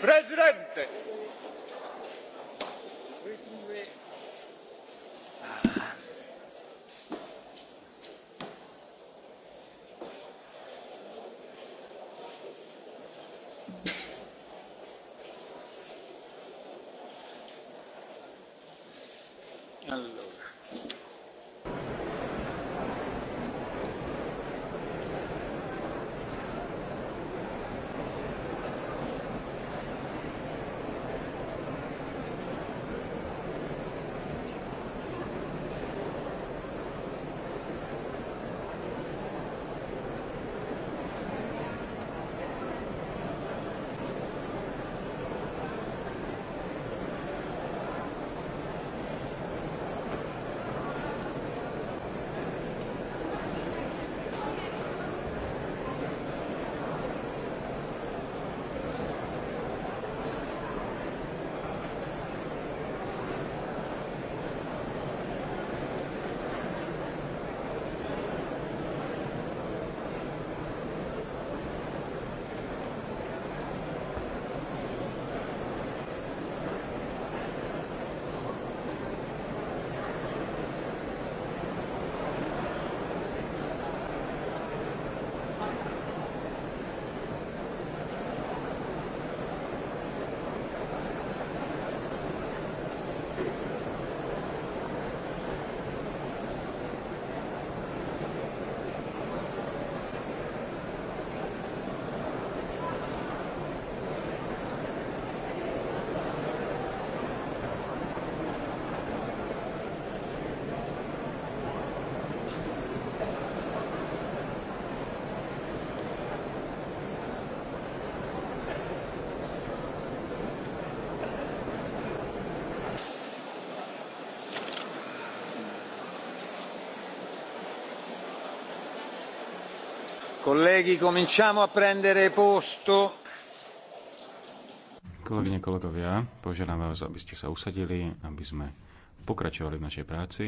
prezident Colleghi, cominciamo a prendere posto. Kolegyne, kolegovia, požiadam vás, aby ste sa usadili, aby sme pokračovali v našej práci.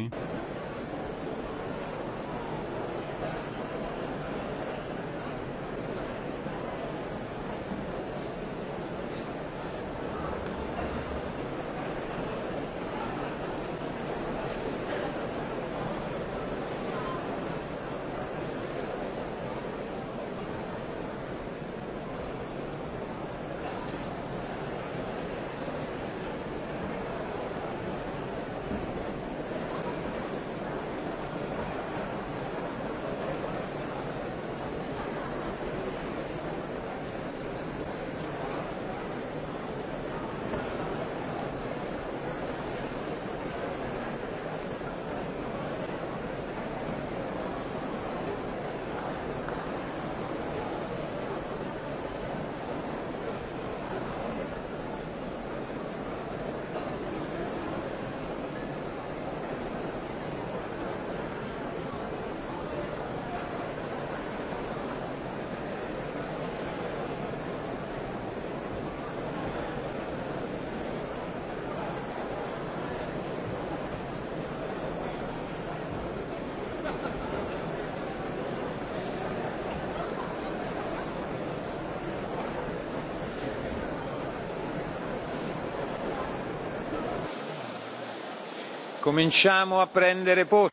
Cominciamo a prendere posto.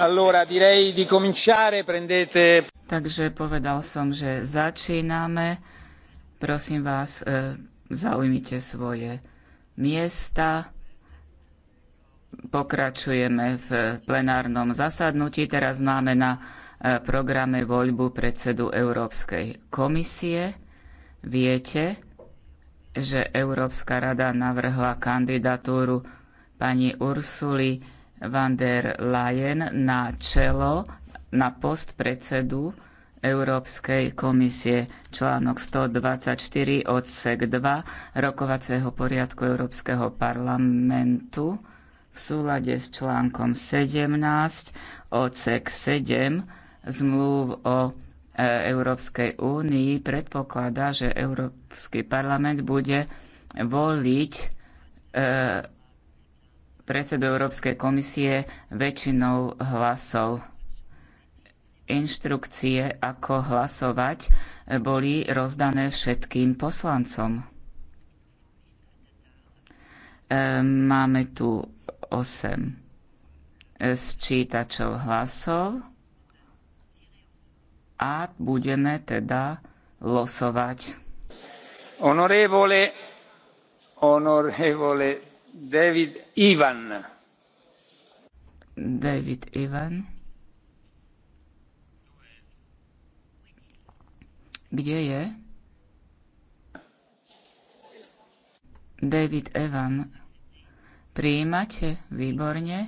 Allora direi di cominciare, prendete... Takže povedal som, že začíname. Prosím vás, e, zaujmite svoje miesta. Pokračujeme v plenárnom zasadnutí. Teraz máme na e, programe voľbu predsedu Európskej komisie. Viete, že Európska rada navrhla kandidatúru pani Ursuly van der Leyen na čelo, na post predsedu Európskej komisie článok 124 odsek 2 rokovacieho poriadku Európskeho parlamentu v súlade s článkom 17 odsek 7 zmluv o e, Európskej únii predpokladá, že Európsky parlament bude voliť e, predsedu Európskej komisie väčšinou hlasov. Inštrukcie, ako hlasovať, boli rozdané všetkým poslancom. E, máme tu 8 sčítačov hlasov a budeme teda losovať. Honorevole, honorevole David David Ivan. Kde je? David Evan. Prijímate? Výborne.